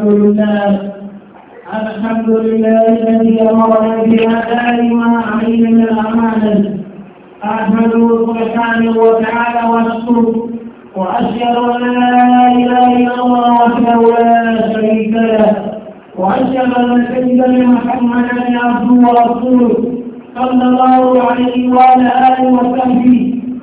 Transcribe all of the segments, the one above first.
الحمد لله الحمد لله الذي امرنا باداء ما عليه من الامانه احمده سبحانه وتعالى واشكره واشهد ان لا اله الا الله وحده لا شريك له واشهد ان سيدنا محمدا عبده ورسوله صلى الله عليه وعلى اله وصحبه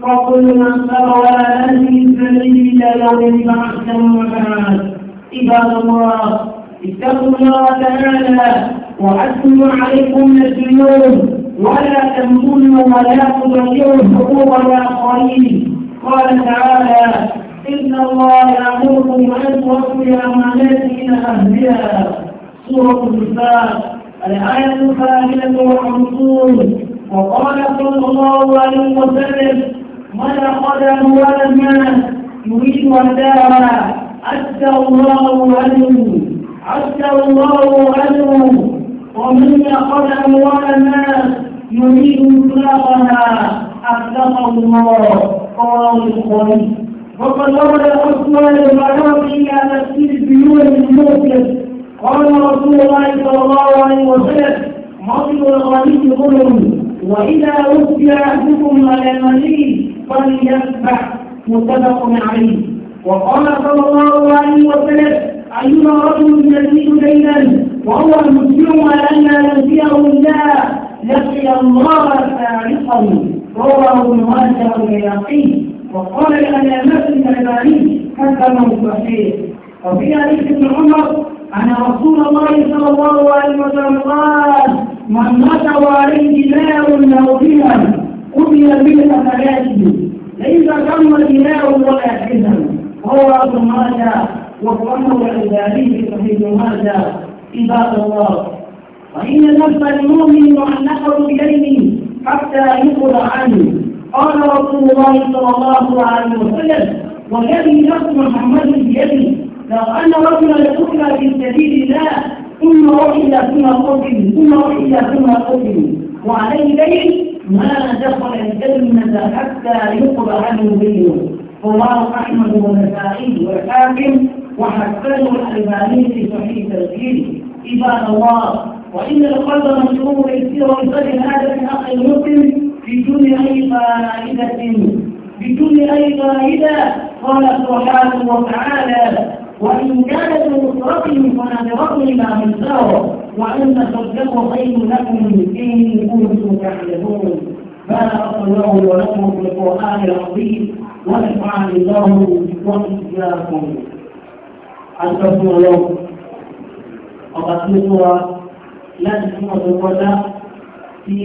وكل من سار على نهجه الى يوم بعث وبعد عباد الله اتقوا الله تعالى وأسلوا عليكم الديون ولا تمنوا ولا تضيعوا حقوق الآخرين قال تعالى إن الله يأمركم أن تؤدوا الأمانات إلى أهلها سورة النساء الآية الثامنة والخمسون وقال صلى الله عليه وسلم من أخذ أموال الناس يريد أن عد الله عنهم عد الله عنهم ومن يأخذ أموال الناس يريد إطلاقها أطلقه الله رواه البخاري وقد ورد عثمان المعروف إلى تفسير ديون المسلم قال رسول الله صلى الله عليه وسلم مصر الغني ظلم وإذا أوفي أحدكم على المليء فليسبح متفق عليه وقال صلى الله عليه وسلم أيما رجل يزيد ليلا وهو مسلم على أن ينفيه الله لقي الله فارقه رواه ماجه واليقين وقال الألامات حتى موت صحيح وفي حديث ابن عمر أن رسول الله صلى الله عليه وسلم قال من مات وعليه دماء أو دماء قتل من أفلاته ليس ثم دماء ولا حزن هو ابن ماجه وكونه العبادي صحيح ماجه عباد الله وإن نفس المؤمن معلقه بيده حتى يقضى عنه قال رسول الله صلى الله عليه وسلم والذي نفس محمد بيده لو أن رجلا يدخل في سبيل الله ثم رحل ثم قتل ثم رحل ثم قتل وعليه دين ما دخل الجنة حتى يقضى عنه دينه رواه أحمد والنسائي وحاكم وحسن الألباني في صحيح تذكيري عباد الله وإن القلب مشروع يسير لصدر هذا حق المسلم بدون أي فائدة بدون أي فائدة قال سبحانه وتعالى وإن كانت نصرتهم فنادرتهم إلى من وأن تصدقوا خير لكم إن كنتم تعلمون ما أرسل الله ولكم في القرآن العظيم ونفعني الله الله أقصدها láti fún ọ̀dọ̀ kọjá tí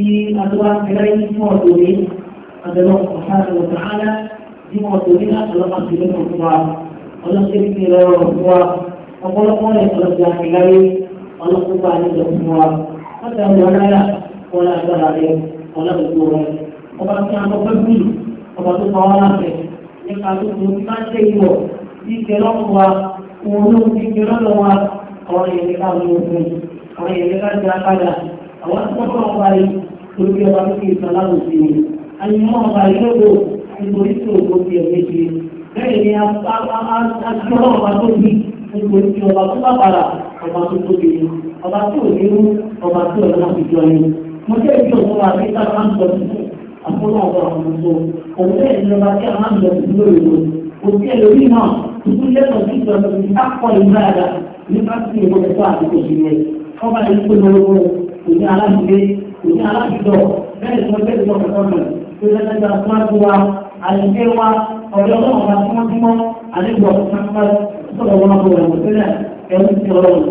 adúlá kẹrẹ́ ní fún ọ̀dọ̀ ní adẹ́lọ́ ọ̀sán ọ̀sán ara ní ọ̀dọ̀ ní àtọ̀lọ́pàá ti lẹ́nu fún wa ọlọ́sẹ̀ ní ìlẹ̀ ọ̀rọ̀ fún wa ọ̀pọ̀lọpọ̀ rẹ̀ ọ̀lọ́sẹ̀ àkẹlẹ́rẹ́ ọlọ́sẹ̀ bá nílẹ̀ fún wa wọ́n ti rẹ̀ ọlọ́dọ̀dọ̀ rẹ̀ ọba tí a lọ́pẹ́ bí ọba tó pa wá láfẹ́ nípa tó kù ní máa ń tẹ́ ìwọ̀ bí kẹlọ́ wa òun ló ti kẹlọ́ lọ wa àwọn èèyàn ká ló fún àwọn èèyàn ká jẹ apádà àwọn akọ́kọ́ ọba yìí torí ọba tó fi ìtàn láwùjọ sí i àyìnbó ọba yìí lóko nítorí tí òkú ti ẹ̀ méjì bẹ́ẹ̀ ni akọ́kọ́ ọba tó fi nítorí tí ọba tó bá mo jẹ́ ìjọ fún wa pé ká máa ń lọ sí àkókò ọ̀gá ọ̀hún tó òun bẹ́ẹ̀ ni ọba tí a máa ń lọ sí lórí o kò sí ẹlòmíì náà tuntun lẹ́tọ̀ sí ìjọba ti ká kọ́ ìlú àdá nípa sí ìwọ ẹ̀kọ́ àdúgbò sí rẹ̀ ọba yìí kó lọ lọ́wọ́ kò ní alábìlé kò ní alábìlọ bẹ́ẹ̀ sọ bẹ́ẹ̀ sọ kọ̀ọ̀kan tó lẹ́tọ̀ fún wa àyẹ̀kẹ́ wa ọ̀dọ́ náà wà fún àlejò ọ̀kan fún wọn kò rẹ̀ wọ́n tẹ́lẹ̀ ẹ̀rù ti ọlọ́run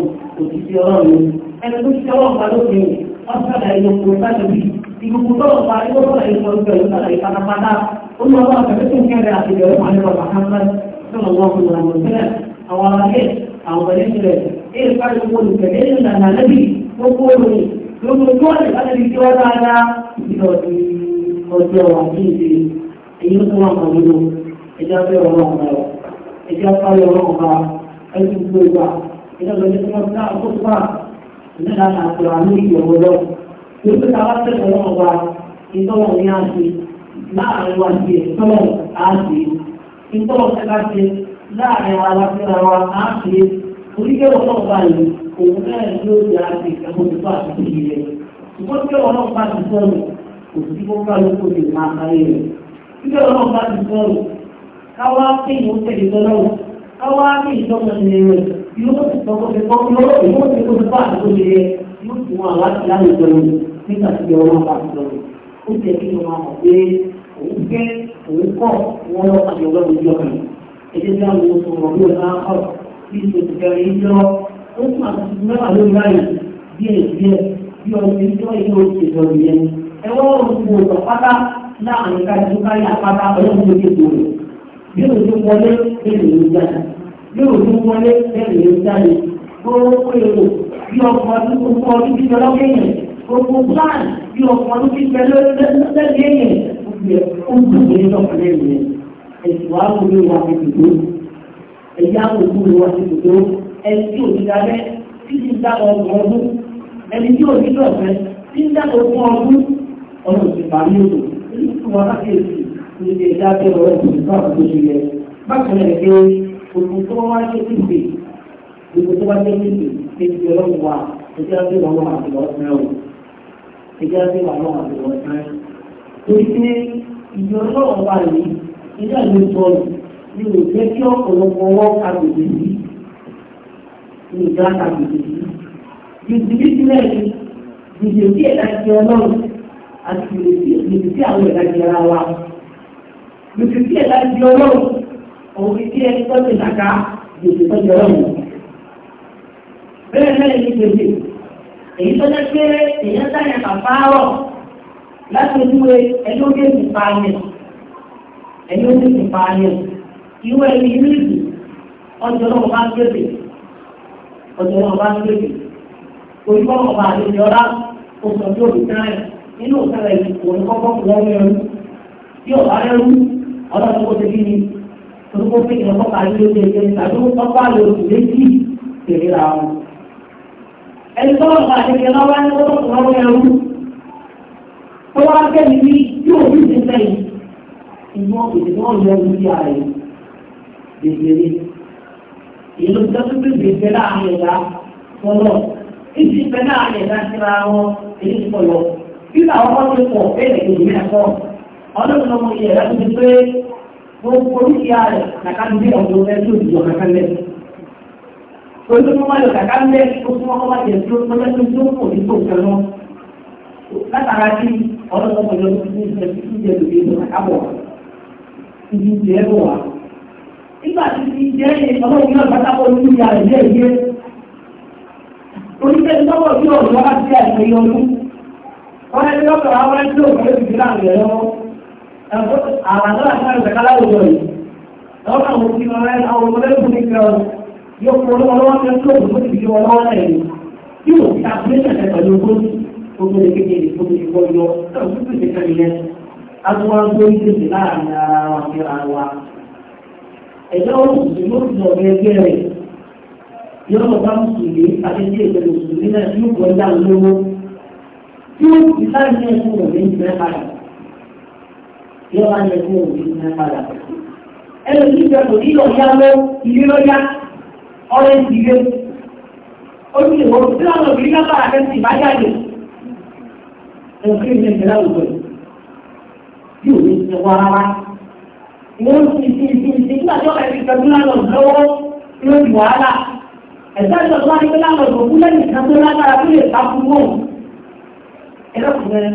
kò ọlọ́run ẹni tó ti ọlọ́run masalah dari berusaha lebih ibu putar apa itu apa yang berusaha dari kata kata Allah Allah kata itu yang ada di dalam ayat Muhammad Sallallahu Alaihi Wasallam awalnya awalnya sudah eh kalau pun kedai dan nabi boleh lu betul ada di tiada ada di hotel waktu di ini semua kamu ijab orang orang ijab orang orang itu juga kita belajar semua kita apa nígbà tá a sọ àmì ìyọ̀wọ̀ lọ. Lókè tá a bá tẹ̀sọ̀ lọ́wọ́ wa, ìtọ́wọ̀ ní a ṣe láàrin wa ṣe ìtọ́wọ̀ a ṣe. Ìtọ́wọ̀ tẹ́ka ṣe láàrin wa lápẹ́ra wa a ṣe. Oníkẹ́ wọn náà bá yìí, òun náà yóò jẹ́ àti ìkẹ́kọ̀ọ́ tó bá ti rẹ̀. Ṣùgbọ́n tí wọn bá ti sọ̀rọ̀, kò sí kó bá lóko lè máa sáré rẹ̀. Ṣé wọn bá ti sọ̀rọ̀? Káwá pé ìwọ́n tẹ̀lé tọ́lọ́wọ́. Káwá pé ìtọ́mọ̀ yóò ti sọ pé kọ́ yóò ti yóò ti kó ti bá àdúgbò ṣe yẹ yóò ti wọn láti láyé ìjọba nígbà tí ọmọ bá ti lọ ó jẹ kí wọn mọ̀ pé òun fẹ́ òun kọ́ wọn lọ àti ọlọ́run ìjọ kan ẹjẹ tí àwọn oṣù wọn ló náà kọ́ bí oṣù kẹrin ń lọ ó tún àti mẹ́wàá lórí láyé díẹ̀ díẹ̀ bí ọdún tí wọ́n yóò ṣe lọ nìyẹn ẹ wọ́n rò fún òṣà pátá láàrin kájú káyà pátá ọlọ́run ló dé tó rẹ̀ bí oṣù wọlé bẹ́ẹ̀ ló ń jáde yóò tún wọlé lẹ́yìn ló jáde gbogbo èrò bí ọkọ̀ ọdún gbogbo ọdún bíbẹ lọ́kẹ́yìn gbogbo plan bí ọkọ̀ ọdún bíbẹ lọ́kẹ́yìn ó gbàgbé lọ́kọ̀lẹ́ yẹn ẹ̀sùn àwọn olè wa ti dùdú ẹ̀yà àwọn olè wa ti dùdú ẹni tí òbí dalẹ̀ tí ti dá ọgbọ̀n ọdún ẹni tí òbí lọ́fẹ́ tí ń dá ọgbọ̀n ọdún ọ̀nà ìgbà ní odò ní ìtumọ̀ láti èsì ní ìdájọ́ ọ̀rọ̀ ìgbà tó ṣe yẹ bákan gbogbo tó wá ṣe níbi gbogbo tó wá ṣe níbi ẹni tí ọlọ́run wà ẹjẹ́ á bí wọn lọ́wọ́ àti lọ́wọ́ sẹ́rẹ̀ o ẹjẹ́ á bí wọn lọ́wọ́ àti lọ́wọ́ sẹ́rẹ̀ torí pé ìjọ ọlọ́run wà ní ilé àlè sọ̀rọ̀ ní o jẹ́ kí ọ̀pọ̀lọpọ̀ wọ́n agbègbè yìí ní ìjà agbègbè yìí gbèsè sílẹ̀ ni gbèsè sí ẹ̀dá ti ọlọ́run àti gbèsè sí àwọn ẹ̀dá ti ara wa gbèsè sí ẹ̀dá ti ọlọ́run òun kí ẹni tó ti nàka gbèsè tó jọ lọ́wọ́. Bẹ́ẹ̀ bẹ́ẹ̀ ni gbèsè, èyí tó jẹ́ pé èèyàn sáyẹn bàbá láti ojúwe ẹni ó dé ti pa ayẹ. Ẹni ó dé ti pa ayẹ. Irú ẹni inú ìlú, ọjọ́ náà bá ń gbèsè. Ọjọ́ náà bá ń gbèsè. Olùkọ́ ọba àlejò ọlá oṣù tó ti tán ẹ̀ nínú òṣèlè ìkòwé kọ́kọ́ kò wọ́n mẹ́rin. Bí ọ̀bá rẹ̀ ọlọ́run kò ṣe kí ni torúkọ pé kí ọkọ̀ parí ló dé ẹgbẹ́ tàbí ọkọ̀ àlọ́ oṣù méjì tèrè ra wọn. ẹni tó wọ́n pàṣẹ kí ọlọ́wọ́ ẹni tó tọ̀tọ̀ lọ́wọ́ ẹrú tó wá kẹ́mi bí yóò fi ṣe fẹ́yìn inú ìdìbò ọ̀yọ́ ẹrú sí ààrẹ bèbèrè. ìlú tọ́tún bí bèbè láàrin ẹ̀dá fọlọ́ ìdí ìfẹ́ láàrin ẹ̀dá síra wọn èyí ti pọ̀ bí làwọn ọkọ̀ ti pọ̀ bẹ́ẹ̀ gbogbo oríṣìí ààrẹ kàkàndé ọ̀dọ̀ rẹ̀ tó di ọ̀nà kanlẹ̀. Ojú tó ndị yọ kàkàndé ndị ndị ndị ndị ndị àbàdàn àti àgbẹ̀ká láwùjọ yìí lọ́wọ́ àwọn òfin ọ̀rẹ́ àwọn ọmọdé tó ní kí ọ̀rọ̀ yóò fún ọlọ́wọ́ lọ́wọ́ tí ó tó òkú ti fi wọn lọ́wọ́ rẹ̀ tí ò fi àpilẹ̀ṣẹ̀ rẹ̀ pẹ̀lú ogún ogún lè kékeré tó ti wọ́n yọ náà tó ti kàn yẹn agbọ́n tó ń tètè láàrin ara wa yóò máa yẹ kó òbí ní padà. ẹnu tí ìjọ kò nílò yáwó ilé lọ́yá ọ̀rẹ́ ti ilé. ó ìwọ tí wọn lọ bí lápá àtẹ́sí ìbájáde. ẹnu kí ni ìjọba òjò yóò ní ti wá rárá. ìwọ ti ti ti ti nígbà tí ọkọ̀ ẹ̀sìn kẹ́kọ̀ọ́ náà lọ lọ́wọ́ ló di wàhálà. ẹ̀sẹ̀ ìjọ tó wá ní pé láwọn òkú lẹ́yìn kan tó lágbára tó lè sá fún wọn. ẹ lọ́kùnrin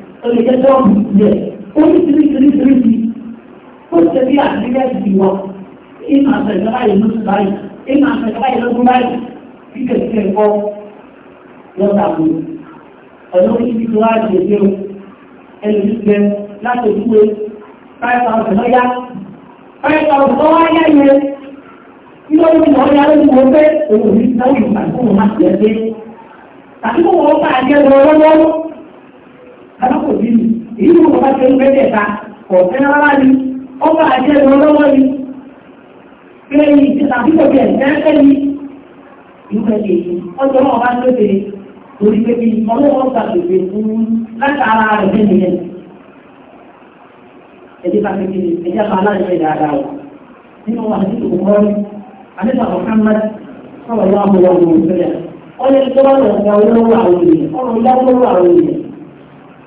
olùjẹ́ dọ́ọ̀bù yẹ oríṣiríṣiríṣiríṣi ó ṣe bí ìwọ ìmọ̀ àtẹ̀jọba yìí báyìí ìmọ̀ àtẹ̀jọba yìí báyìí bí kẹ̀kẹ́ kọ́ lọ́ta kù ọ̀nà ibi tó wá jẹ bí ẹni tí láti ojúwe five lọ́yà five lọ́wọ́ alákòbí mi èyí ló bá ṣe ń fẹ́ tẹ̀ta ọ̀fẹ́ rárá ni ọba àjẹ́ ìwọ lọ́wọ́ ni pé àbí kò tiẹ̀ fẹ́ ni ìwé èyí ọjọ́ náà bá ló dé lórí pé bí ọlọ́wọ́ gbà lòdì fún látara rẹ̀ lẹ́nu yẹn. Ẹ̀dí bá fi kiri ẹ̀jẹ̀ bá aláìsẹ̀ dáadáa wọ̀ nínú wa àti ìwọ̀n àdébà Mohammed sọ̀rọ̀ wà mọ̀ wà mọ̀ òṣèlè ọ̀yẹ́ tó bá lọ sí ọlọ́wọ́ àwọn ènìyàn ọ̀rọ̀ ìyá lọ́wọ́ àwọn ènìyàn.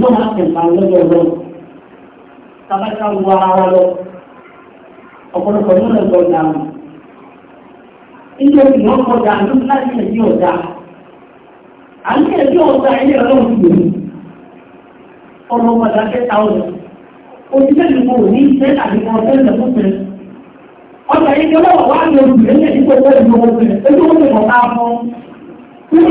yóò máa tẹ̀lá lọ́jọ́ lọ. Tabaka wọ ara lọ. Ọ̀pọ̀lọpọ̀ yóò lọ gbọ́ ìdá wọn. Ilé òkè wọn kọ da àdúgbò láti ẹ̀dí ọ̀dà. Àní ẹ̀dí ọ̀dà ilé ọlọ́run ti wò. Ọ̀rọ̀ padà kẹta ọ̀rọ̀. Òṣìṣẹ́ ìdìbò ní ìṣẹ́ àdìbò ọ̀sẹ̀ ìdẹ̀kùnfẹ́. Ọjà yìí kẹ́ lọ́wọ́ wá ní olùdílé ní ẹ̀dí gbogbo ìdìbò ọ̀sẹ̀. Ojú ó ti mọ̀ fún. Kúrú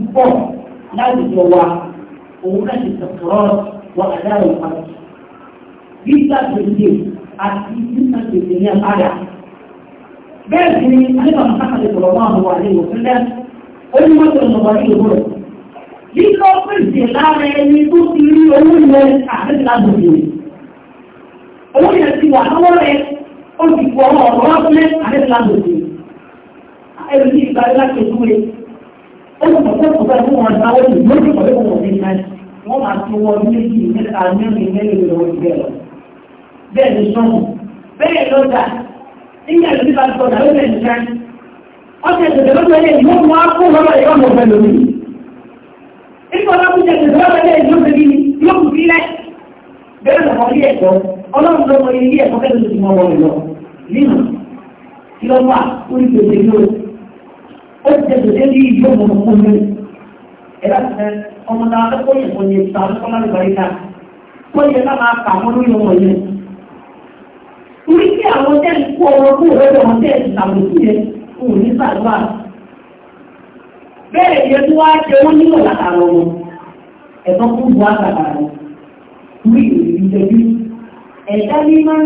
pọ̀ láwùjọ wa òun náà ti sọ̀rọ̀ wà láàrú pàtó. Bí gbàgbèsè àti nípa gbèsè ní àpárá. Bẹ́ẹ̀ sì ni Alẹ́bà Mùsàkàlẹ̀ sọ̀rọ̀ máa ń wà ní òfìlẹ́. Ó ní mọ́tò ìjọba ní ìlú rẹ̀. Lílọ pèsè lára ẹni tó ti rí owó yẹn àti lágbègbè. Owó yẹn ti wà lọ́wọ́ rẹ̀ ó ti pọ̀ ọ̀rọ̀ ọ̀rọ̀ ọ̀rọ̀ àti lágbègbè. Ẹ̀rù ní ìgbàlá kẹ̀kú rẹ̀ ó wọ́n fi ṣe wọ́n máa ti wọ mẹ́rin mẹ́rin lọ́wọ́ ti lọ. bẹ́ẹ̀ ni sọ́mù bẹ́ẹ̀ lọ́jà nígbà tó ti bá ti sọ̀dà lórí ẹ̀ṣẹ̀ ọ̀sẹ̀ ìṣẹ̀lẹ̀ lọ́jọ́ ilé kó lọ́rọ̀ ìwọ́n mọ̀ lórí. nígbà tó ti ṣẹ̀ṣẹ̀ lọ́jọ́ ilé ìlú ti ní yóò kù ó ti tẹ̀sẹ̀ ní ìjọ mọ̀mọ́ fún mi ẹ̀rọ àtẹ ọmọ náà lọ́pọ̀ yẹn kò ní ìta lọ́pọ̀ náà lọ́pọ̀ yẹn náà kó yẹ ká máa kà wọ́n lórí ọmọ yẹn. àwọn tẹ́ ń kó ọmọ kó rẹ̀ wọ́n tẹ́ ń sàmùsí yẹn kò ní sàdúrà. bẹ́ẹ̀ yẹ kí wọ́n á jẹ wọ́n nílò látàrà wọn ẹ̀tọ́ fún bu àtàrà wọn orí ìrìn ìjẹbi ẹ̀dá ní máa ń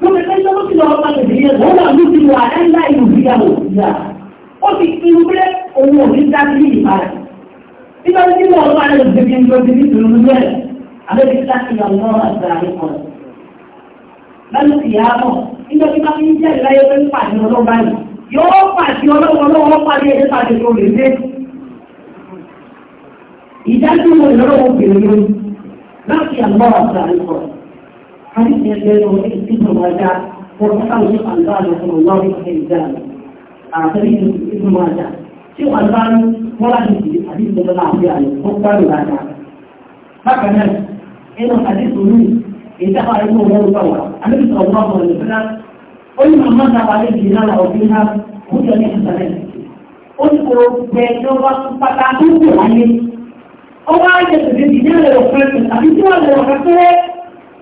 Mo ti tẹ́jọ́ ló ti lọ ọmọ ìdílé yẹn lọ́wọ́ ló ti wà láìlá ìlú ìyàwó ìyá. Ó ti fi wúlé òun òní dá sí ìgbà rẹ̀. Nígbà tí mo ọ̀rọ̀ àrẹ òṣèlú ní ojú ní ìlú rẹ̀, àbẹ́bí láti ìyàwó àgbà rẹ̀ kan. Lálẹ́ ti yà á mọ̀, nígbà tí bá fi ń jẹ́ ìláyé pé ń pàdé ọlọ́ba yìí, yóò pàdé ọlọ́wọ́ ọlọ́wọ́ pàdé ẹ̀dẹ́ pàdé tó lè dé. Ìdájọ́ ìlọ́wọ́ òkèèrè láti àwọn àgbà rẹ̀ kan. حديث يقول ابن ماجه وقال شيخ الباني رحمه الله في الإنسان حديث ابن ماجه شيخ الباني ولا يجي حديث ابن العافية وقال هذا هكذا إنه حديث منه انتهى ابن الله طوى النبي صلى الله عليه وسلم قل من مات عليه دينار أو فيها هدى لحسنات قل قل بينما فتعتوه عليه أو عايزة تبين دينار لو كانت الحديث ولا لو كانت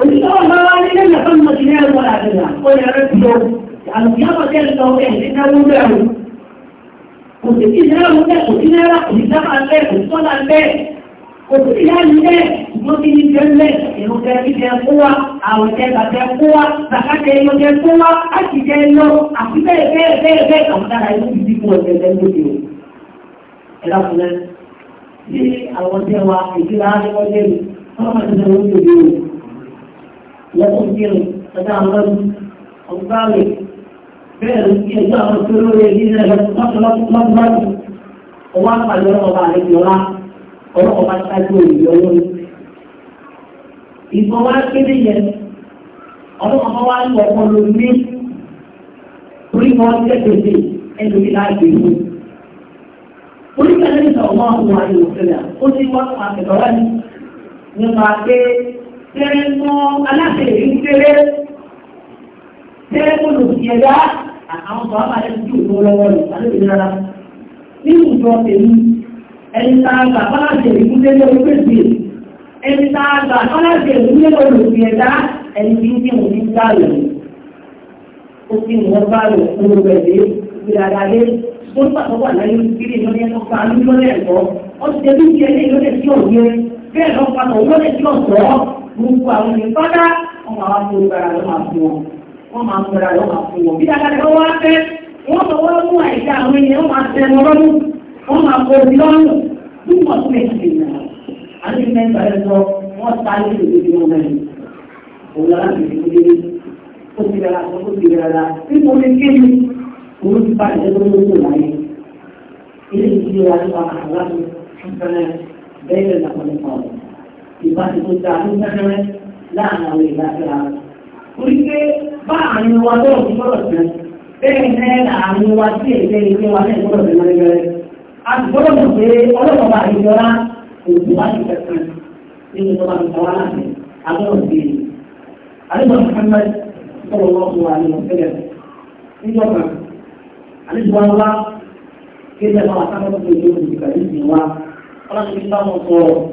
والإشارة ما علينا أن نفهم دينار ولا دينار ولا رجل يعني القيامة كانت له إيه إنه له قلت إذا له له إذا له إذا له صلى له قلت إذا له ممكن يتجلس إنه كان فيه قوة أو كان فيه قوة فحتى إنه كان قوة أكيد إنه أكيد بيه بيه بيه أو كان هيكون في قوة كان فيه الأفضل ní àwọn ọjọ́ wa ìdílé àwọn ọjọ́ yìí wọ́n máa ti sọ wọ́n ti sọ يقدر تدعم الظالم فعل يجعل السرور الذين يتطلق مضمض وما قد رغب عليك يرى ورغب الأجول يوم ìfọwọ́ kéde ọdún ọmọ wa ń lọ ọmọ lórí orí wọn tẹ́tẹ̀ẹ́tẹ̀ ẹnu ní láti ìlú orí kẹlẹ́ ìsọ̀rọ̀ wọn wà ní òkèlè ó ti wọ́n àtẹ̀tọ̀rẹ́ nípa pé tẹ́lẹ̀mọ́ aláṣẹ èyí ń kéré tẹ́lẹ̀mọ́ lò sí ẹ̀dá àwọn ọmọ àbá ẹni tí òun lọ́wọ́ rẹ̀ alẹ́ òun rárá ní ìjọ tèmi ẹni tá a gbà aláṣẹ èyí ń kéré lórí pèsè ẹni tá a gbà aláṣẹ èyí ń kéré lò sí ẹ̀dá ẹni tí ń kí òun ní gbàlẹ̀ ó kí òun gbàlẹ̀ òun rẹ̀ dé ìrara lé ó ń pàtó wà láyé gbogbo àwọn ènìyàn fọ́dá wọ́n máa wọ́n fún ìgbàra ló fún wọn wọ́n máa fún ìgbàra fún wọn bí dáadáa ló wá fẹ́ wọ́n sọ mú àìsí àwọn ènìyàn wọ́n máa tẹ wọn lọ́dún wọ́n máa kó omi lọ́rùn nígbà tó lè ṣe ìrìnà àti mẹ́ta rẹ̀ sọ wọ́n ta ní ìdòdò wọn mẹ́rin òun lára ti fi kúlé ó ti rẹ̀ ó ti rẹ̀ rà nípa omi kéwì òun ti bá ìṣẹ́ lórí láyé ilé ìdílé wa ló wà àlá ìbáṣe tó dáa tó fẹ́fẹ́rẹ́ láàrin àwọn ìlàkẹ́ra rẹ̀. Orí pé bá àárín wa lọ́rọ̀ tó gbọ́dọ̀ tẹ̀, bẹ́ẹ̀ náà láàrin wa sí ẹ̀jẹ̀ ilé wa náà gbọ́dọ̀ tẹ̀ lọ́rẹ́gbẹ̀rẹ́. A ti gbọ́dọ̀ mọ̀ pé ọlọ́pàá bá ìjọra òkú wá sí kẹsàn nínú tó bá ń tọ́wá láti agbọ́dọ̀ sí i. Àlejò Muhammad sọ̀rọ̀ lọ́ fún wa ní ọ̀sẹ̀lẹ̀. Níjọ́ kan, àlejò wa wá kí ẹ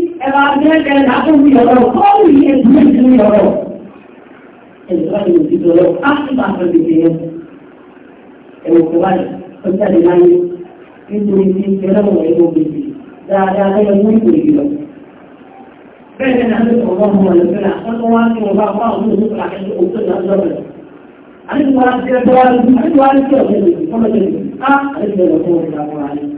ẹ̀bá jẹ́jẹ́ ìdájọ́ mi ọ̀rọ̀ kọ́ọ̀lù yìí èdè méjì ọ̀rọ̀ ẹ̀dùn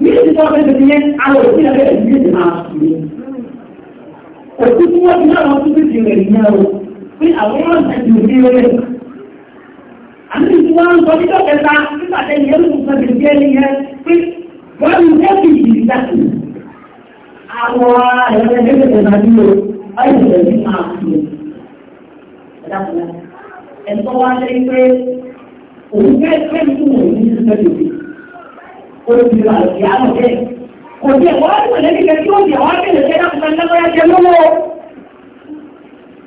ní tí wọ́n ti náà tún ti rẹ̀ ní ẹ̀rọ pé àwọn yóò ṣe ti òbí rẹ̀. àmì tí wọ́n ń sọ nígbà kẹta nígbà ní ẹ̀rọ jẹ́ ní yẹn pé wọ́n ń jẹ́ kí ìdí dàkú. àwọn ẹ̀rọ ẹgbẹ́ ó ti ra ìdí àmọ̀ bẹ́ẹ̀. Kò sí ẹ̀kọ́ láti wọ̀lẹ́ nígbẹ́ tí ó di àwọn akẹ́lẹ̀ jẹ́ láti máa lágbára jẹ lọ́wọ́.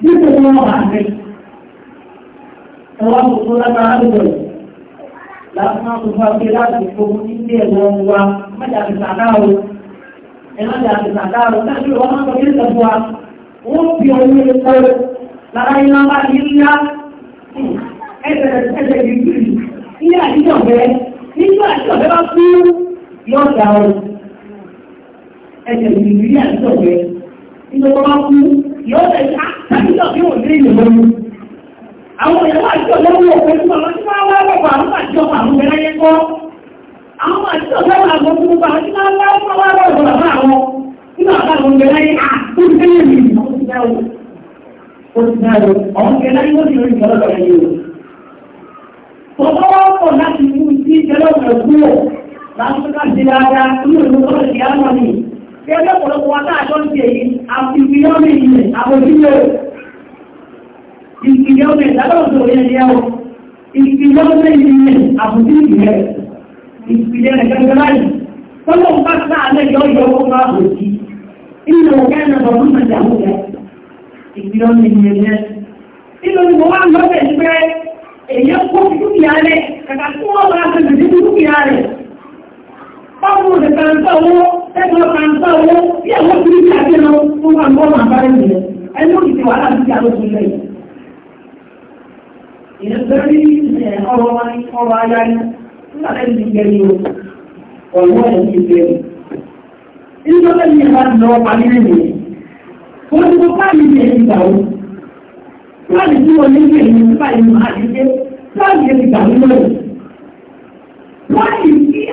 Nígbà tí wọ́n wà rẹ̀, ẹ̀wọ́n kò tó lágbára lọ́wọ́ rẹ̀. Lásán tó fà pé láti fowó nílé ẹ̀wọ̀n wa, mẹ́ta ti sàdá o. Ẹ̀mẹ́ta ti sàdá o, láti wọ́n máa ń sọ kí ẹ̀sẹ̀ fún wa. Wọ́n fi owó epo lára iná bá ní ńlá. Ẹ̀sẹ̀ ẹ̀sẹ̀ ìgbìyànjú. Ilé àdíjọ̀ bẹ́ẹ̀ yóò dá o ẹsẹ̀ ìrírí àtijọ́ rẹ̀ nítorí wọn kú yóò dá ìṣá sábìlọ̀ bí wọ́n lé ìlú lọ́wọ́ àwọn ìyàwó àtijọ́ lọ́wọ́ òfin tí láti mú sí ìjọba rẹ̀ kúrò láńpẹ́ká ti dáadáa ní ìlú lọ́wọ́ ìyá náà ni bí ẹgbẹ́ ọ̀pọ̀lọpọ̀ wa táàjọ́ ń ṣe èyí àfihàn ilẹ̀ àbójúlé ìpìlẹ̀ ọmọ ìdálọ́sọ̀ yẹn ni ẹwọ ìpìlẹ̀ ọmọ ilẹ̀ àbójúlé rẹ̀ ìpìlẹ̀ rẹ̀ gẹ́gẹ́ báyìí tọ́lọ́ ń bá sáà lẹ́yọ yọ owó máa bò sí ilẹ̀ òkè ẹ̀nà bọ̀rọ̀ mọ̀ ìyàwó rẹ̀ ìpìlẹ̀ ọmọ ilẹ̀ rẹ̀ nínú ni mo wá lọ́bẹ̀ ní pé èyí kó dúkìá rẹ̀ kàkà tí wọ́n máa fẹ́ ọmọ rẹ̀ kàńtà owó ẹgbẹ́ kàńtà owó bí ẹ̀wọ́ ti rí àti ẹ̀rọ fún wa gbọ́ máa bára ìrìn ẹni ó kìí wàhálà sí àlọ́ tó lẹ̀ ìyẹn bẹ́rí ọ̀rọ̀ ọ̀rọ̀ ayá ní nígbàtẹ́ ọ̀rọ̀ ẹ̀ ti gbẹ̀rì nígbà tẹ́ tí wọ́n ní ẹ̀yìn ìgbà yìí máa ti dé káàdì ẹ̀yìn ìgbà yìí lọ́wọ́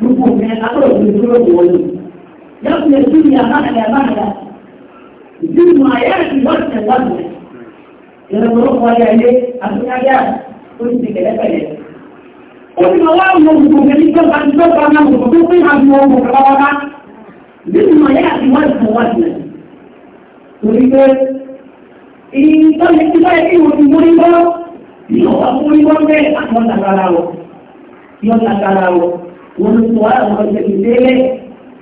dukkan ne a kawai su zuro da wani ya fi da duniya ba da ba da duniya ya fi wata wata ya zama rukuwa ya ne a suna ya kun ci da kare kun ma wa mu mu ga ni kan kan to ba na mu ko kun ha mu mu ka ba ba duniya ya fi wata wata to ni ke in kan ne ki ba ya ki a kan ta wọn ló tó wáyà wọn ṣe kékeré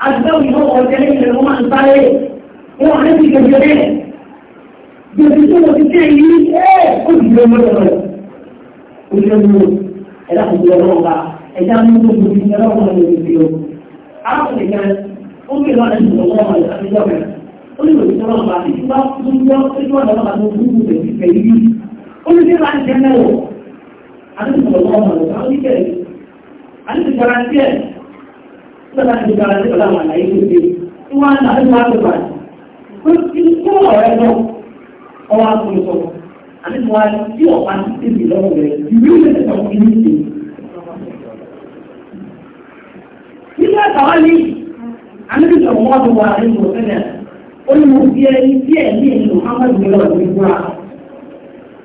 agbẹ́wò yìí wọ́n ṣe ní ilẹ̀ wọn máa ń sáré wọn á ti kékeré gbèsè tó wọ́n ti tẹ̀ yìí ẹ́ ó ti lé wọn lọ ó lé wọn lọ ẹ̀dá kò tó lọ́wọ́ bá ẹ̀dá mú tó kò tó lọ́wọ́ wọn lè fi o. àwọn ìgbà ó ń kéwàá ẹ̀sìn lọ́wọ́ wọn lè fi lọ́wọ́ ó ní òṣìṣẹ́ wọn bá ti bá tó ń yọ tó ń yọ lọ́wọ́ àti òkúrú a ní ti garanti ẹ̀ lọ́la ní tí ọ̀pá ti tèmi rẹ̀ ìwé ìwé ti sọ fún mi ṣe. nígbà táwọn ní àmì ti sọ̀rọ̀ wọ́n ní ìwòsàn olùmọ̀bí ẹni tí ẹ̀ ní ìlú Muhammadu lọ́wọ́ ìgbà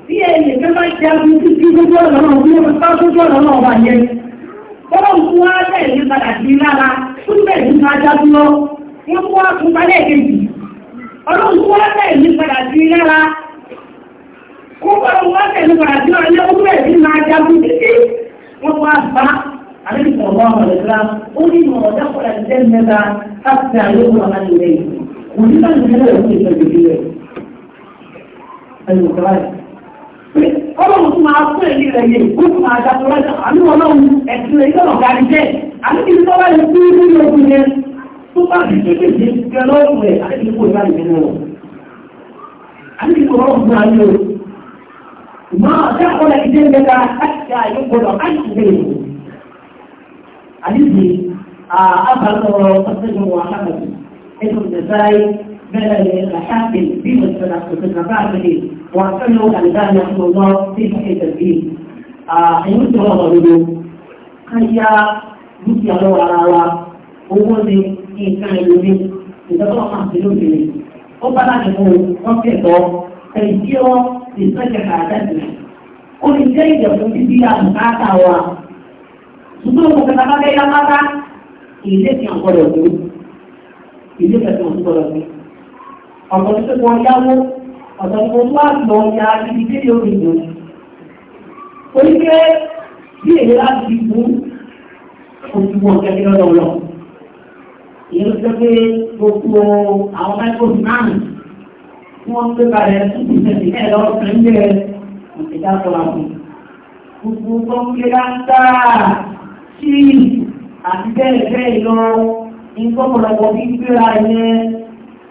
tí ẹ̀ lè jẹ́ àbí títí gbogbo ọ̀nà náà bí wọ́n Bọ́lá ń fún wá bẹ́ẹ̀ ní padà sí lára, fún bẹ́ẹ̀ ní máa já dúró. Wọ́n fún wá fún balẹ̀ kejì. Ọlọ́run fún wá bẹ́ẹ̀ ní padà sí lára. Kó bọ́lá wá bẹ́ẹ̀ ní padà sí lára ní ọdún bẹ́ẹ̀ ní máa já dúró títí. Wọ́n fún wá bá àlejò ọ̀gá ọmọ ìgbà ó ní ìmọ̀ ọ̀dá kọ̀ọ̀dà ti tẹ́lẹ̀ mẹ́ta láti àlejò ọmọ ìgbà ọlọ́run tún máa fún èyí rẹ̀ yìí kó fún àjàkú lọ́jọ́ àní ọlọ́run ẹ̀sìn rẹ̀ yóò ga ní jẹ́ àní kí tọ́lá yìí fún ìlú ogun yẹn tó bá ti tó kéde kẹ lọ́rùn rẹ̀ àti kí n kó ìbá ìbínú rẹ̀ ọlọ́run fún ayé o máa ọ̀dẹ́ àkọlẹ̀ ìdí ẹgbẹ́ta láti ṣe àyè gbọdọ̀ láti ṣe بلد الحاكم بمسألة التفاعل وأسأله الآن يحمد الله في صحيح الدين أيمت الله ولده كيا يجي الله على الله owó ni nǹkan ìlú ni ìjọba máa ti lóde ni ó bá láti mú wọn kẹtọ ẹni tí ó ìsọjẹ kàdájú ó ní jẹ ìjọba títí àbùkátà wa ṣùgbọ́n mo kẹta bá bẹ́ẹ̀ lápá ilé kan gbọ́dọ̀ tó ilé kan ọ̀tọ̀ ní pípọ̀ yáwó ọ̀tọ̀ ní ya ibi tí yóò rìn lò. Orí pé bí èyí láti fi kú òṣùwọ̀n lọ́dọ̀ lọ. Ìyẹn ló jẹ́ pé gbogbo àwọn microbe náà tí wọ́n ń gbé kalẹ̀ tún ti fẹ́ ń bẹ̀rẹ̀ ìdá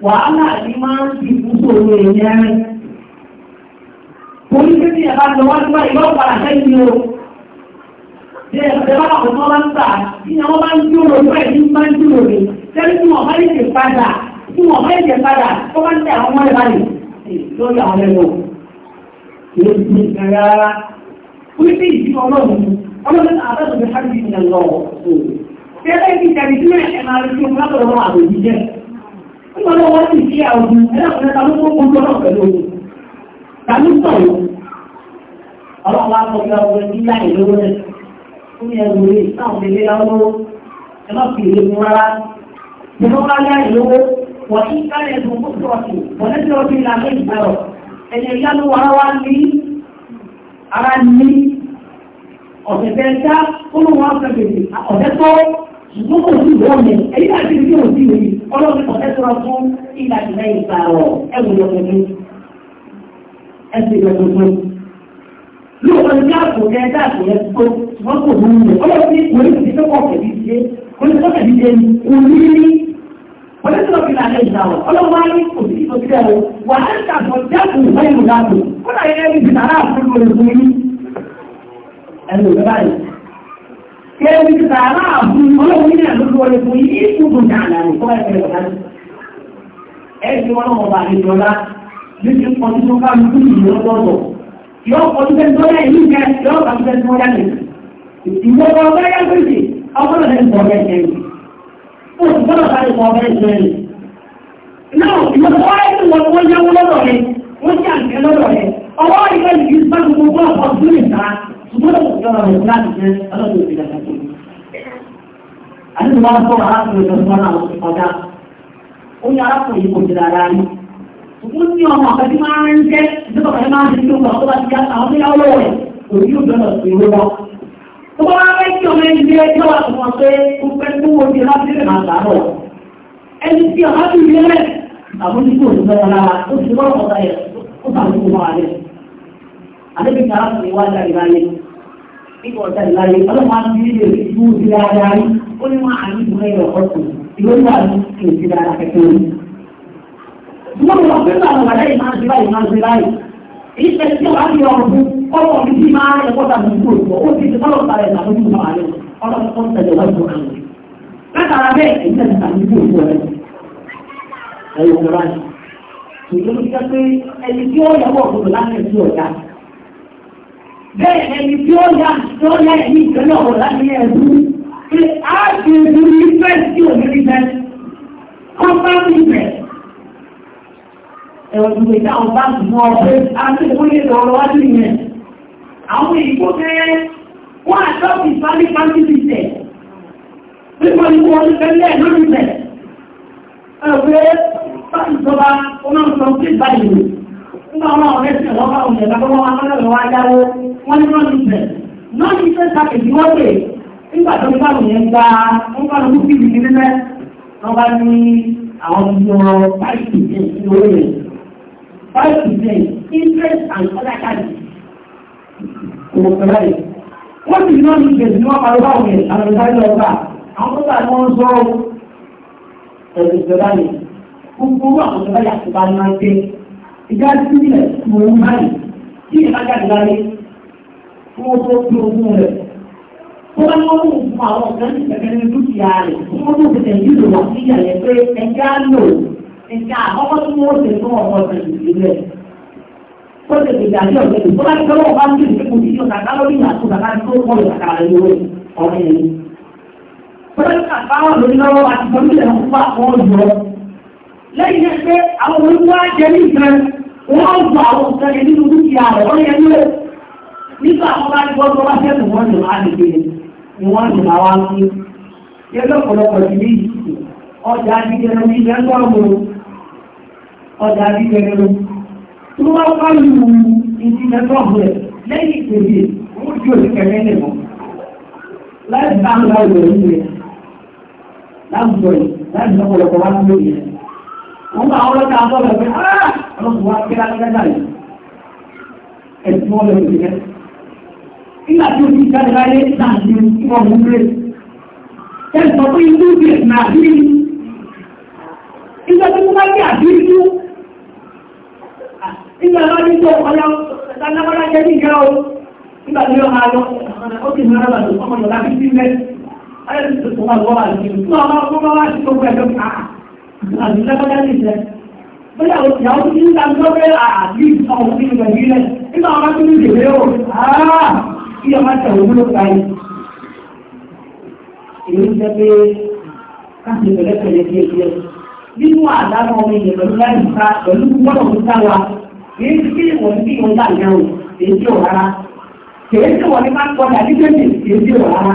wàhálà ní máa ń fi ìfúnṣòro èèyàn rẹ̀. Torí pé ní ẹ̀bá lọ wájú bá ìlọ́ padà sẹ́yìn o. Ṣé ẹ̀fẹ́ bá kò tán bá ń tà kí ni wọ́n bá ń dúró pẹ̀ ní bá ń dúró rẹ̀. Sẹ́ni tí wọ́n bá lè tè padà tí wọ́n bá lè tè padà tó bá ń tẹ àwọn ọmọ rẹ̀ balẹ̀ lórí àwọn ẹ̀rọ. Kì í ṣe nǹkan Orí pé ìdí ọlọ́run ọlọ́run àbẹ́sọ̀rọ̀ nígbà náà wọ́n sì àwọn ẹlẹ́kùnrin ló tó kún jọ náà pẹ̀lú omi ta sọ̀rọ̀ ọlọ́wọ́ akọ̀gbẹ́ ọgbẹ́ ní láì lówó rẹ̀ ó ní ẹrù rẹ̀ táwọn ilé lọ́wọ́ ẹ má fi ìlú rárá ṣe ló bá láì lówó wọ́n ní káyọ̀ ẹ̀dùn kó tó ọ̀sìn wọ́n lẹ́sẹ̀ ọdún ìlànà ìgbàrọ̀ ẹ̀yẹ ìyanu wa wá ní ara ní ọ̀sẹ̀ bẹ́ẹ̀ dá ó lóun á fẹ́ ṣùgbọ́n kò sí ìwọ́n mi èyí ti rí òsì mi ọlọ́run kò tẹ́sọ̀rọ̀ fún ìgbà tí lẹ́yìn ìgbà ọ̀ ẹ̀wù lọ tuntun ẹ̀sìn lọ tuntun. lóòótọ́ ní àpò kẹ́ dáàbò yẹn tó ṣùgbọ́n kò mú mi ọlọ́run ní kò ní kò ní bí ṣe kò ní kọ́kẹ́ bí ṣe kò ní rí pọ̀lẹ́sọ̀rọ̀ fi làlẹ́ ìgbà ọ̀ ọlọ́run wá ní kò sí ìtọ́sílẹ̀ o á ń tàbọ̀ kẹ́mi sàárà àbúrú ọlọ́run ní àlójú wọlé fún yí ìkúdù ní àlàyé tó wáyé pẹ̀lú ọ̀dá ẹ̀ ti bàbá ìjọ lá ní ti pọ̀ tí bá ń kúrò ní ọgọ́dọ̀ yóò pọ̀ tí fẹ́ẹ́ tọ́lá ìlú jẹ́ yóò bá fẹ́ẹ́ tọ́lá ní ìwọ ọba ọba yá gbèsè ọgbọ́dọ̀ lẹ́nu pọ̀ bẹ́ẹ̀ jẹ́ ní ó ti gbọ́dọ̀ bá lè pọ̀ bẹ́ẹ̀ jẹ́ náà ìwọ̀n ṣùgbọ́n ìjọba ń sọ̀rọ̀ arákùnrin tó ń ó ní arákùnrin kò ti dára rí ṣùgbọ́n ní ọmọ àkàtí máa ń jẹ́ ìjọba máa ń ṣe ìjọba tó bá ti já àwọn tó yáwó rẹ̀ kò ní yóò gbọ́dọ̀ ìwé lọ. tó bá wá fẹ́ kí ọmọ ẹni jẹ́ ìjọba tó pé ó fẹ́ kó wo ti láti lè máa gbàrọ̀ ẹni tí àdébí kan láti wá jáde láyé nígbà ọ̀sẹ̀ láyé ọlọ́wọ́ á ti lè fi kú sí dáadáa yìí ó ní wọn àní ìdúró ẹ̀rọ ọ̀sùn ìwé nígbà tó ti lè fi dáadáa kẹ̀kẹ́ wọn. Mo rò pé báwo wà láyé máa ń ṣe báyìí máa ń ṣe báyìí. Èyí tẹ̀sí tí wàá fi ọrùn fún ọwọ́ mi tí máa ń ẹ̀kọ́ tàbí ìlú òṣùwọ̀ ó ti ti kọ́lọ̀ sàrẹ̀ ìtàkùn ìlú ààrẹ ọlọ́run ń tẹ̀lé lọ́dún bẹ́ẹ̀ ẹni tí ó yá tí ó yá ẹ̀mí ìtẹ́lẹ̀ ọ̀rọ̀ láti yẹ ẹ̀dú pé a ti ẹ̀dú ní fẹ́ sí òní ní fẹ́ kọ́ńtà ní ibẹ̀. ẹ̀wọ̀n ìwé táwọn báńkì mọ́ ọ̀pẹ́ àti ìwé lọ́rọ̀ wájú ìyẹn. àwọn èyíkó bẹ́ẹ̀ wọ́n àtọ́kì sáré pàǹtí ti tẹ̀. pípọ̀ ní wọ́n ti fẹ́lẹ̀ lórí tẹ̀. ẹ̀wọ̀n ìjọba ọmọ nígbà wọn ọ̀rẹ́ sí ọ̀lọ́pàá òun ẹ̀ka tó wọ́n wá lọ́dọ̀ lọ́wọ́ ajáwó wọ́n ní wọ́n ti bẹ̀ náà ní fẹ́ sàkèjì wọ́n pè nígbà tó ń bá òun yẹn gba ń bá òun kí ìdílé mẹ́ wọ́n bá ní àwọn ọmọ báyìí ní orí rẹ̀ báyìí ní interest and other charges kò pẹ̀lú rẹ̀ wọ́n ti náà ní ìgbésí wọn parí báwọn yẹn àwọn ìdájọ́ ọgbà àwọn tó bá ní wọ́n sọ ẹ̀sìn ìjọba yẹn gbogbo àwọn ìjọba yàtọ̀ bá ní wọ́n gbé ìjà sílẹ̀ mò ń báyìí tí ìbájáde láyé fún ọkọ̀ tí ogún rẹ̀. Tó bá wọ́n mú fún àwọn ọ̀gán ní kẹ̀kẹ́ ní dúkìá rẹ̀ fún ọdún òkèèrè yìí lò sí ìyàlẹ̀ pé ẹja lò ẹja àkọ́kọ́ tí wọ́n ṣe fún ọmọ ọ̀sẹ̀ ìdílé. Ó ṣe lè dàbí ọ̀gẹ́ tó bá gbé wọn bá ń bèèrè kó ti yọ kàkà lórí ìyàtọ̀ kàkà tó kọ́ ìyàtà rẹ̀ lórí ọ̀rẹ́ rẹ̀. Pẹ̀lú kàkà wà lórí lọ́wọ́ àti pẹ̀lú ìlẹ̀ wọ́n gba àwọn nǹkan yẹn nínú dúkìá rẹ̀ wọ́n yẹn lé nígbà wọn bá ní gbọ́dọ̀ bá fẹ́ wọ́n lè máa nìgbè ni wọ́n lè máa wá ní yẹ́dọ̀ ọ̀pọ̀lọpọ̀ ti ní ìsìnkú ọjà jíjẹrẹ ní ilẹ̀ ńlọ ọmọ ọjà jíjẹrẹ ló tí wọ́n bá lu ìdílé tọ́ọ̀bù rẹ̀ lẹ́yìn ìpèsè rẹ̀ láwùjọ yìí Àwọn àwọn ọlọ́ta àtọ́lẹ̀ pé ààrẹ ọlọ́sùn wá kí lálẹ́ dáyé. Ẹ̀sùn wọn lọ́wọ́ ìgbẹ́. Nígbà tí ó ti jáde láyé náà ní wọ́n mú lé. Ẹ sọ pé inú bí ẹ̀ náà bí. Ìjọ tí mo bá gbé àbírí tú. Ìjọ lọ ní tó ọlọ́ lálábọ́lá jẹ́ ní ìgbà o. Nígbà tí ó máa lọ, ó ti mú arábà tó ọmọ yọ̀lá bí sí àti lágbádá ní ìṣẹ́ bóyá ìyàwó tí ń ta ń lọ́pẹ́ àbí ọmọ tí ń gbẹ̀mí rẹ̀ nígbà wọn tí ń gbèrè o àá kí ọmọ tẹ̀ òun ló ka yìí. èyí ń jẹ́ pé káàkiri ìbẹ̀rẹ̀ pẹ̀lẹ́ díẹ̀ díẹ̀ nínú àdánù ọmọ ìyẹn pẹ̀lú láì ká pẹ̀lú gbọ́dọ̀ tó ká wa èyí ti kí ìwọ̀n tí ìwọ̀n dà náà èyí tí ò rárá kèé tí wọ́n ní máa ń kọjá ní tẹ́lẹ̀ èyí tí ò rárá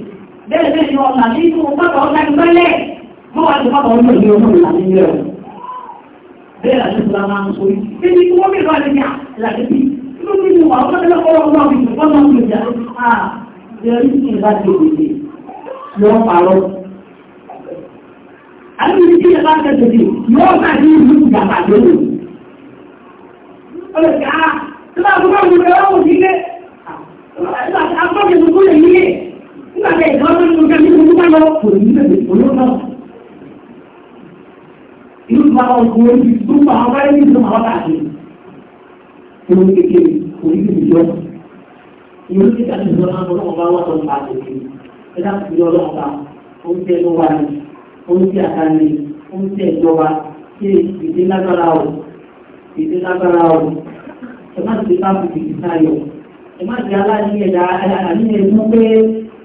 bẹ́ẹ̀ bẹ́ẹ̀ ni ọ̀nà ní kí wọ́n pápá ọ̀nà ìgbẹ́lẹ̀ mọ́ wá ní pápá ọ̀nà ní ọmọ ìlànà ní ẹ̀rọ bẹ́ẹ̀ láti fúra máa ń sọ yìí níbi tí wọ́n bí ìlú àdéjà láti bí inú mi ni wà ó fẹ́ lọ́kọ́ ọ̀nà Nígbàtí ìgbàlódé tó jẹ́ nínú nígbà lọ kò ní lè pẹ̀lú náà. Ìlú máa orí tó máa wáyé ní ìlú àwọn àti ìlú kékeré kò ní lè jọ. Ìlú kíkà ní ìlú náà lọ́wọ́ bá wà lọ́wọ́ àti ìlú. Ẹ dákun ìlú ọlọ́wọ́ bá oúnjẹ ló wà ní oúnjẹ àtàlẹ́ oúnjẹ ìjọba ṣe ìdí lágbára o ìdí lágbára o ẹ má ti bá bùkì sáyọ ẹ má ti aláàní ẹ̀dá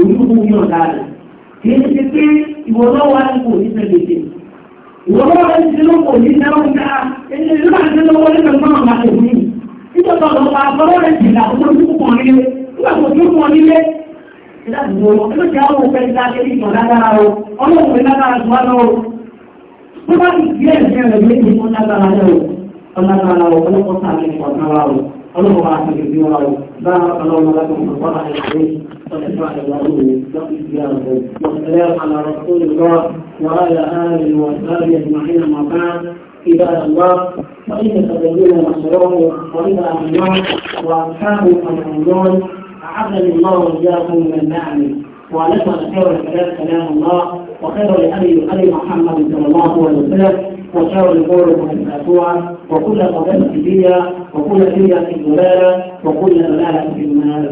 olúkú yàn dáadáa kì í ṣe pé ìwọ lọ́wọ́ á ti kò ní sẹ́lẹ̀ ṣe ìwọ lọ́wọ́ á ti ṣe lóko ní sẹ́wọ́n ká ẹni ìlú máa ṣe lọ́wọ́ nípa ìgbọ́n àwọn àti òní nítorí ọ̀rọ̀ pa àbọ̀rọ̀ rẹ̀ ti là fún ojú pọ̀ nílé nígbà tó tún pọ̀ nílé ìdáàbò ọ̀rọ̀ ẹgbẹ́ àwọn òfin ti láti rí ìtàn lágbára o ọlọ́run ní lágbára tó wá lọ́wọ́ tó والسلام على رسول الله وعلى آله وأصحابه أجمعين أما بعد عباد الله فإن تدين مشروعه وإذا أمنون وأصحابه المأمون أعزني الله وإياكم من النعم ونسأل خير الكلام كلام الله وخير لأبي أبي محمد صلى الله عليه وسلم وشاور الامور محدثاتها وكل قضيه دية وكل دية ضلاله وكل ضلاله في النار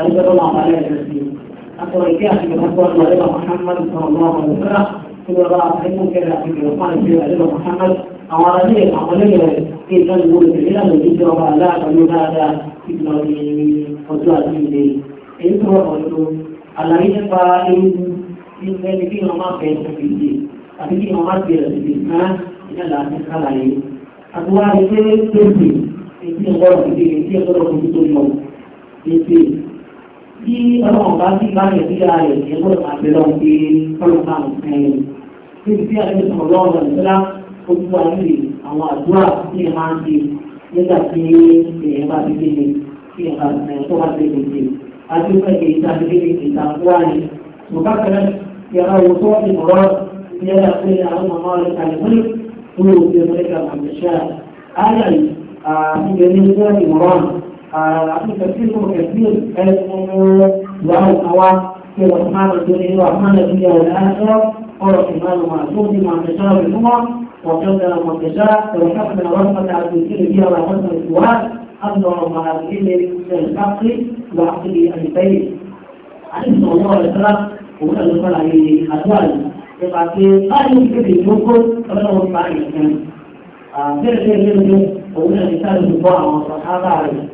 أنزل الله عليه الرسول أقول لك أخي أقول لك محمد صلى الله عليه وسلم كل راء فهم كلا في القرآن في أدب محمد أمرني أمرني في كل قول في الإله الإجراء لا تقول هذا في النبي وجاء في إنتم قلتم على أي فائد من ذلك ما بين سبيله أبي ما بين سبيله إلا أن خلاص أقوال كل كل شيء إنتم قلتم إنتم قلتم كل يوم إنتم tí ọlọ́run bá sí ìbáyẹ̀ sí ara rẹ̀ ní ẹgbẹ́ àgbẹ̀lọ́ pé ọlọ́run bá ń fẹ́ ẹ̀. Níbi tí àti ọlọ́run ìṣẹ́lá gbogbo ayé àwọn àdúrà tí ẹ máa ń ṣe nígbà tí èèyàn bá ti délé tí ẹ bá ti tó bá ti délé. Àti ó fẹ́ ìta délé ìta wá ni. Bùbá kẹrẹ ti ara wo tó ti آه، عشان تفسيرهم كثير قالت انه دعوا الأوان في رحمن الدنيا ورحمن الدنيا والآخرة ورحمن معزوم مع انتشار الأمم وقدر من تشاء وحقنا رحمة على الكثير بها ورحمة السواد أفضل مع الكل الحق وعقل البيت عليه الصلاة والسلام وقال الله عليه الأزواج يبقى في قائم كبير يقول فلهم معي الكلام غير غير غير وقلنا رسالة الله آه، والصحابة عليه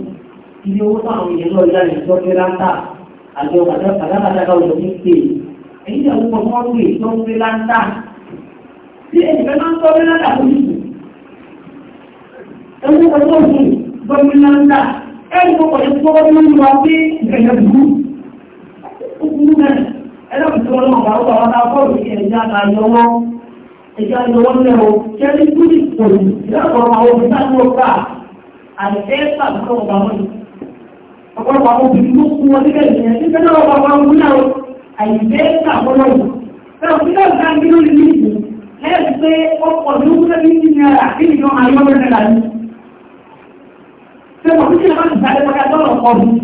iye owó táwọn èèyàn lọ yá lè sọ pé láńtà àjọ kàdákàdákà ọ̀dọ̀ ní pè èyí ni àwọn ọmọ wọn lè sọ pé láńtà tí ènìyàn máa ń sọ pé láńtà fún ìlú ẹwọ́n ọjọ́ òfin gbọ́mí láńtà ẹni tó kọ̀lẹ́ tó kọ́ nínú wa pé ìgbẹ̀yẹ̀ burú ó burú náà ẹ̀rọ ìṣòro náà bá wọ́n bá wọ́n bọ́ọ̀lù ẹ̀já àyọ̀ wọn ẹ̀já àyọ̀ wọn lẹ́wọ̀ kẹ́lí kúrì kòlù ìdáàbọ̀ àwọn òbí sáà ọ̀pọ̀lọpọ̀ àwọn ló kú wọn níbẹ̀ ìyẹn ní pẹ́lú ọ̀pọ̀ ọmọ náà àìsẹ́ ìtàkọ́lọ́wọ̀ pẹ̀lú kílọ̀ ìgbà ń gbínú ní lẹ́yìn pé ọkọ̀ ló ń tẹ́lẹ̀ ní náírà kí ni wọ́n ayọ́ mẹ́rin náírà ní. ṣé wọ́n ti ṣe máa ń sáré pátá lọ́rọ̀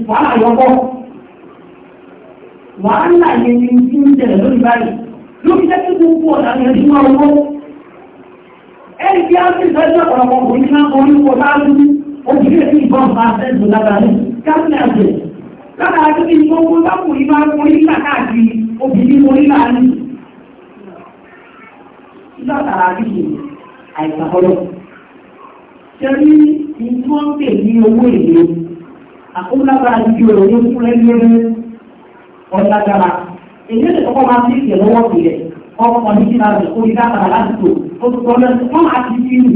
wàhálà yọkọ́ wàhálà yẹn ni ti ń ẹni tí a ń tẹ̀síwájú ọ̀pọ̀lọpọ̀ kò ní ká orí kò sáájú obìnrin ìbọn fa ẹ̀sùn lábàárí àti bí gbogbo tọ́kùnrin máa ń forí nígbà káàkiri obìnrin forí láàrin. Ìjọ́ tàrà rí àìsàn ọlọ́. Ṣé ní ìtú ń pè ní owó èlé? Àkóńlágbára ti ju ọ̀rọ̀ yóò fún ẹgbẹ́ ọ̀lágbára. Èyí lè kọ́kọ́ máa fi ìṣẹ̀ lọ́wọ́ ìrẹ̀. Ọkọ̀ ní kíra rẹ̀ kó ìdá àtàrà láti tò. Ó ti sọ lẹ́sùn, wọ́n máa ti fi ìlú.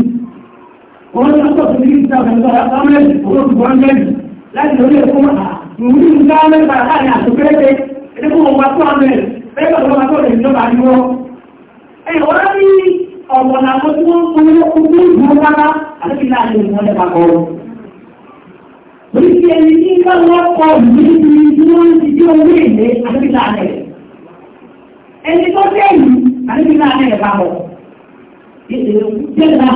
Wọ́n ní ọjọ́ tó ní ìjọba ìjọba ìjọba ìjọba ìjọba láti lórí ẹ̀kọ́ máa Mùsùlùmí ń dá mẹ́ta láàrin àtúkérèké, ẹni fún ọmọ tó àmì ẹ̀, bẹ́ẹ̀ bọ̀ lọ́wọ́ tó lè jọba ní wọ́n. Ẹ̀yìn wọ́n rí ọ̀pọ̀ làwọn tí wọ́n ń kó ní ìgbó rárá àti láàrin ìwọ̀n lẹ́pa kọ́. Orí ti ẹni tí ká wọ́n kọ ìlú tí wọ́n ti dé orí èlé àti láàrin ẹ̀. Ẹni tó dé ìlú àti láàrin ẹ̀ papọ̀. Èdè ìjẹ́ ìlànà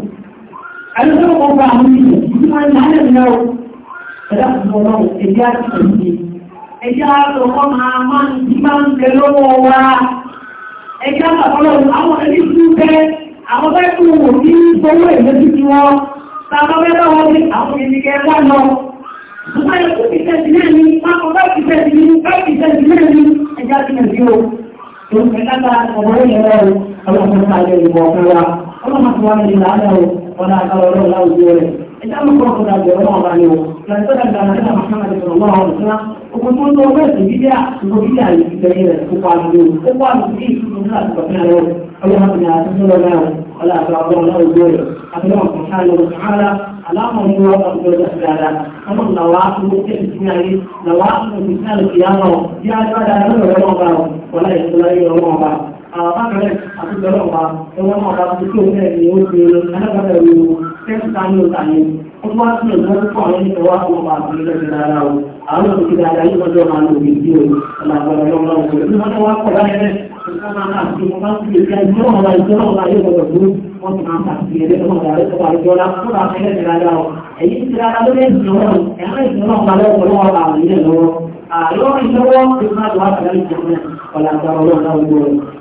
àdúgbò àwọn ọmọ ẹ̀dá ìtòkè ẹ̀dá àtọ̀kọ́ máa máa ń bí tàbí ọbẹ̀ bá wọn ní àwọn ènìyàn wà lọ Àwọn ẹ̀kọ́ ti tẹ̀sí ni, àwọn bá ti tẹ̀sí ní, bá ti tẹ̀sí náà o. Ìjọba ẹ̀ka ta ọmọ ìyẹn ọlọ́run ti wá ní ìlà alẹ́ o ọ̀nà àgbàrá ọlọ́run láwùjọ rẹ̀ ẹ̀dá mi kọ́ ọ̀kọ̀dà àgbẹ̀ ọlọ́run ọba ni o làǹtọ́dà gbàgbà nígbà mọ̀sánà ti sọ̀rọ̀ lọ́wọ́ ọ̀rọ̀ síná ogun tó ń lọ ọgbẹ́ ìsìn bíbíà ìlú bíbíà yìí bẹ̀rẹ̀ rẹ̀ kópa àdúgbò kópa àdúgbò yìí tó ń láti pàpẹ́ rẹ̀ ọlọ́run ti ní àtúntò lọ́wọ́ ọlọ́run àgbà ọlọ́run láwùjọ rẹ̀ àbúrò ọ̀sán lọ́wọ́ alamar yi wa ɓarɓar da tsada kamar na wasu mutum tunaye na wasu mutum tunaye ya ma ya ta da yawan rama ba wala ya tunaye rama ba àbábẹ̀rẹ̀ àti bẹ̀rẹ̀ wa ẹwọ́n náà bá ti tó bẹ́ẹ̀ rẹ̀ ní ó ti dára o àwọn ọ̀dọ́ ti dára yóò lọ́jọ́ máa lò wá pọ̀ láyé rẹ̀ Ìjọba máa ń fi ọmọ sí ìgbà ìjọba ìjọba ọ̀la yóò gbọdọ̀ dúró. Wọ́n ti máa ń pàṣẹ ẹgbẹ́ ọmọ ìyá rẹ̀ sọ́kọ̀ àjọ ọ̀la ẹ̀rọ ìjọba ọ̀la lọ́wọ́ lọ́wọ́ àwọn ilé àti ìjọba ọ̀la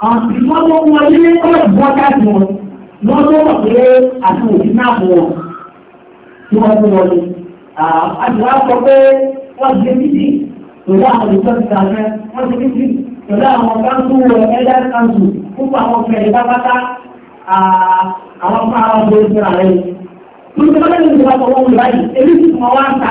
wọ́n tó wọ́n ní ọ̀rọ̀ bọ́dájú wọn wọ́n tó wọ́n pé àti òfin náà mọ̀ wọn tí wọ́n tó wọ́n ní. àtìwá sọ pé wọ́n ti títì pẹ̀lú àwọn olùkọ́ ti tààfẹ́ wọ́n ti títì pẹ̀lú àwọn káńtù ẹ̀dá káńtù púpọ̀ àwọn ọmọ ẹ̀dá pátá àwọn ọmọ àwọn ọmọ ẹ̀dá rẹ̀. Gbogbo ọmọdé ní ìjọba sọ wọ́n wù láyìí, èyí ti mọ̀ wá ń ta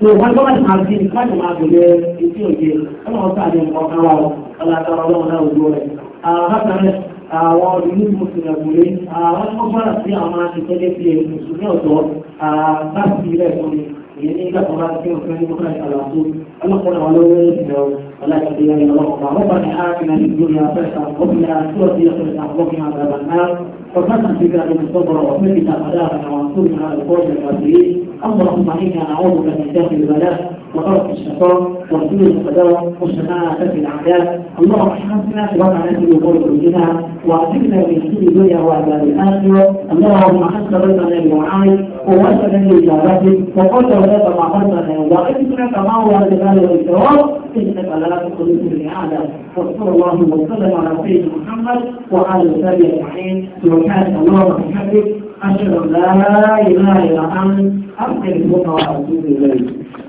ní wọn tó máa máa bí ká tó máa gbòlẹ etí òjè ọmọ ọsọ àti nǹkan kan wà ó ọlọtọrọ Ọlọ́run náà ojú rẹ àbákanẹ àwọn ìlú mùsùlùmí àgbòlé àwọn tó gbọ́dọ̀ sí àwọn aṣèjọjẹ bíi mùsùlùmí ọ̀dọ́ láti ilé ẹ̀kọ́ ni ìyẹn ní ìgbà tó bá ti ń fẹ́ ní mọ́kànlá ìkàlàkú ọlọ́kùnrin wọn lórí ìbẹ̀rù ọlọ́kùnrin yẹn lọ́kọ̀ọ́ àwọn bá ní ààfin حرمة في بلاد الصبر وحرمة أخلاقنا وانصرنا على القوم الكافرين اللهم إنا نعوذ بك من شر البلاء وترك الشيطان وسبيل العداوة والشفاعة في الأعداء اللهم ارحمنا وارفع لنا بقول كلنا من بسوء الدنيا وعذاب الآخرة اللهم حسن بيننا بوعائك ووسع من بإجابتك وقل ولا تبعثنا لنا وأكرمنا كما هو الجلال والكرام إنك لا تخلف الإعادة وصلى الله وسلم على سيدنا محمد وعلى آله أجمعين سبحانك اللهم وبحمدك أشهد أن لا إله إلا أنت أستغفرك وأتوب إليك